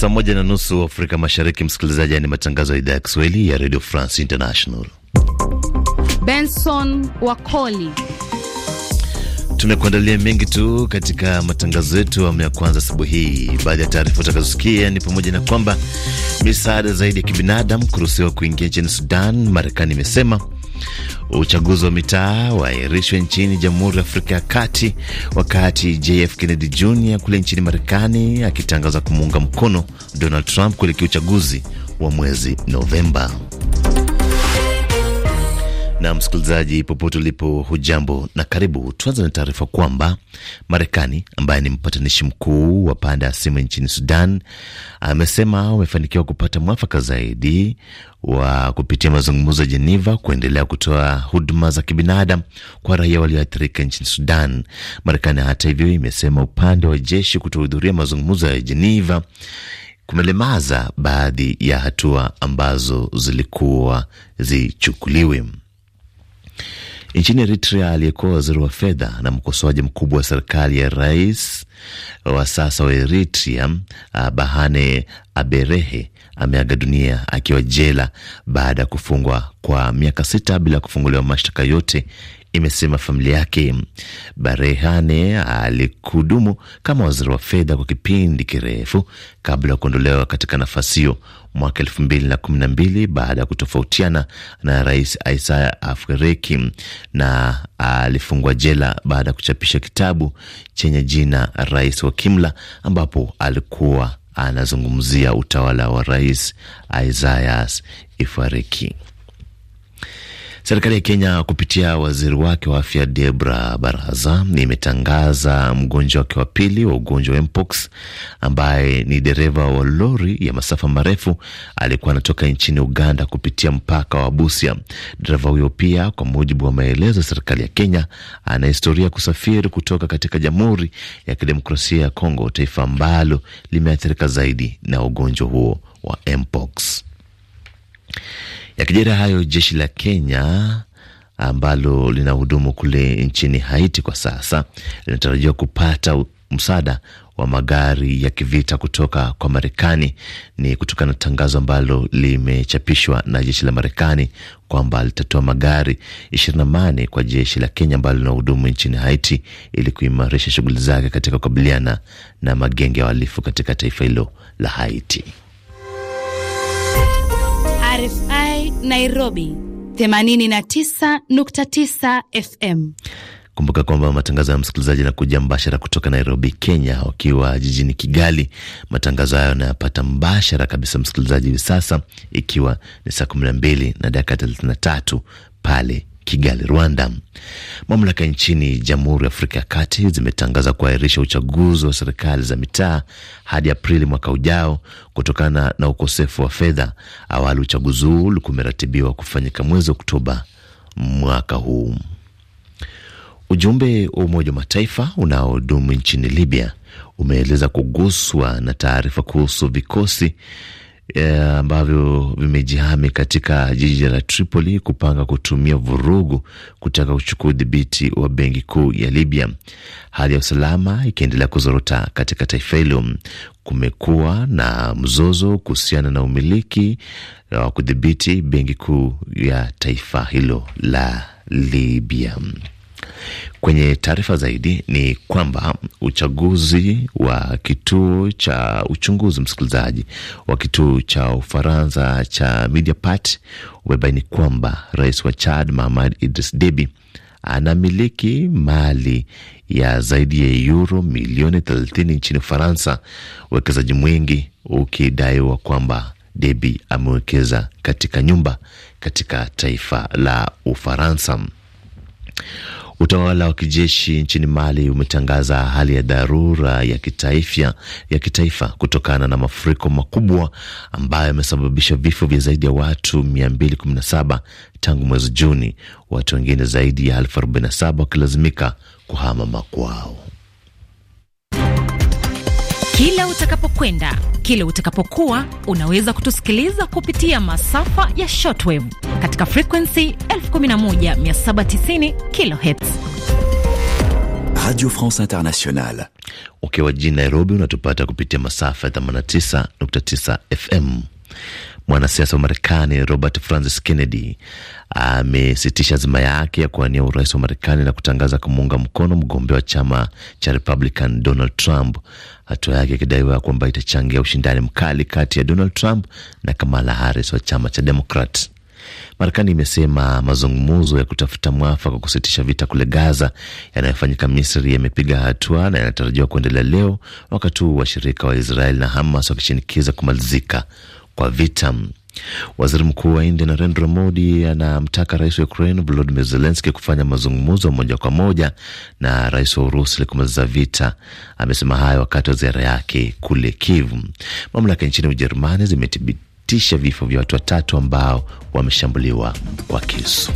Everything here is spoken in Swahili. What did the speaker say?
Saa moja na nusu Afrika Mashariki, msikilizaji, ni matangazo ya idhaa ya Kiswahili ya Radio France International. Benson Wakoli Tumekuandalia mengi tu katika matangazo yetu awamu ya kwanza asubuhi hii. Baadhi ya taarifa utakazosikia ni pamoja na kwamba misaada zaidi ya kibinadamu kuruhusiwa kuingia nchini Sudan, Marekani imesema uchaguzi wa mitaa waairishwe nchini Jamhuri ya Afrika ya Kati, wakati JF Kennedy Jr kule nchini Marekani akitangaza kumuunga mkono Donald Trump kuelekea uchaguzi wa mwezi Novemba. Na msikilizaji, popote ulipo, hujambo na karibu. Tuanze na taarifa kwamba Marekani ambaye ni mpatanishi mkuu wa pande ya simu nchini Sudan amesema wamefanikiwa kupata mwafaka zaidi wa kupitia mazungumzo ya Jeneva kuendelea kutoa huduma za kibinadamu kwa raia walioathirika nchini Sudan. Marekani hata hivyo imesema upande wa jeshi kutohudhuria mazungumzo ya Jeneva kumelemaza baadhi ya hatua ambazo zilikuwa zichukuliwe. Nchini Eritrea, aliyekuwa waziri wa fedha na mkosoaji mkubwa wa serikali ya rais wa sasa wa Eritrea ah, Bahane Aberehe ameaga dunia akiwa jela baada ya kufungwa kwa miaka sita bila kufunguliwa mashtaka yote imesema familia yake. Barehane alikudumu kama waziri wa fedha kwa kipindi kirefu kabla ya kuondolewa katika nafasi hiyo mwaka elfu mbili na kumi na mbili baada ya kutofautiana na Rais Isaya Afwerki, na alifungwa jela baada ya kuchapisha kitabu chenye jina Rais wa Kimla, ambapo alikuwa anazungumzia utawala wa Rais Isaias Afwerki. Serikali ya Kenya kupitia waziri wake wa afya Debra Baraza imetangaza mgonjwa wake wa pili wa ugonjwa wa mpox ambaye ni dereva wa lori ya masafa marefu alikuwa anatoka nchini Uganda kupitia mpaka wa Busia. Dereva huyo pia, kwa mujibu wa maelezo ya serikali ya Kenya, ana historia kusafiri kutoka katika Jamhuri ya Kidemokrasia ya Kongo, taifa ambalo limeathirika zaidi na ugonjwa huo wa mpox. Yakijiri hayo jeshi la Kenya ambalo linahudumu kule nchini Haiti kwa sasa linatarajiwa kupata msaada wa magari ya kivita kutoka kwa Marekani. Ni kutokana na tangazo ambalo limechapishwa na jeshi la Marekani kwamba litatoa magari ishirini na nane kwa jeshi la Kenya ambalo linahudumu nchini Haiti ili kuimarisha shughuli zake katika kukabiliana na magenge ya uhalifu katika taifa hilo la Haiti. RFI. Nairobi 89.9 FM. Kumbuka kwamba matangazo ya msikilizaji kuja mbashara kutoka Nairobi, Kenya. Wakiwa jijini Kigali, matangazo hayo anayapata mbashara kabisa msikilizaji hivi sasa, ikiwa ni saa 12 na dakika 33 pale Kigali, Rwanda. Mamlaka nchini Jamhuri ya Afrika ya Kati zimetangaza kuahirisha uchaguzi wa serikali za mitaa hadi Aprili mwaka ujao kutokana na ukosefu wa fedha. Awali uchaguzi huu ulikuwa umeratibiwa kufanyika mwezi Oktoba mwaka huu. Ujumbe wa Umoja wa Mataifa unaodumu nchini Libya umeeleza kuguswa na taarifa kuhusu vikosi Eh, ambavyo vimejihami katika jiji la Tripoli kupanga kutumia vurugu kutaka kuchukua udhibiti wa benki kuu ya Libya. Hali ya usalama ikiendelea kuzorota katika taifa hilo, kumekuwa na mzozo kuhusiana na umiliki eh, wa kudhibiti benki kuu ya taifa hilo la Libya. Kwenye taarifa zaidi ni kwamba uchaguzi wa kituo cha uchunguzi msikilizaji wa kituo cha Ufaransa cha Mediapart umebaini kwamba rais wa Chad Mahamad Idris Deby anamiliki mali ya zaidi ya euro milioni 30 nchini Ufaransa, uwekezaji mwingi ukidaiwa kwamba Deby amewekeza katika nyumba katika taifa la Ufaransa. Utawala wa kijeshi nchini Mali umetangaza hali ya dharura ya kitaifa, ya kitaifa kutokana na mafuriko makubwa ambayo yamesababisha vifo vya zaidi ya watu 217 tangu mwezi Juni, watu wengine zaidi ya 47 wakilazimika kuhama makwao. Kila utakapokwenda, kila utakapokuwa, unaweza kutusikiliza kupitia masafa ya shortwave katika frequency 11790 kh Radio France Internationale. Ukiwa jijini Nairobi unatupata kupitia masafa ya 89.9 FM mwanasiasa wa Marekani Robert Francis Kennedy amesitisha azima yake ya kuwania urais wa Marekani na kutangaza kumuunga mkono mgombea wa chama cha Republican Donald Trump, hatua yake ikidaiwa kwamba itachangia ushindani mkali kati ya Donald Trump na Kamala Harris wa chama cha demokrat Marekani imesema mazungumzo ya kutafuta mwafaka wa kusitisha vita kule Gaza yanayofanyika Misri yamepiga hatua na yanatarajiwa kuendelea leo, wakati huu washirika wa Israel na Hamas wakishinikiza kumalizika kwa vita. Waziri Mkuu wa India Narendra Modi anamtaka rais wa Ukraine volodimir Zelenski kufanya mazungumzo moja kwa moja na rais wa Urusi ili kumaliza vita. Amesema hayo wakati wa ziara yake kule Kivu. Mamlaka nchini Ujerumani zimethibitisha vifo vya watu watatu ambao wameshambuliwa kwa kisu.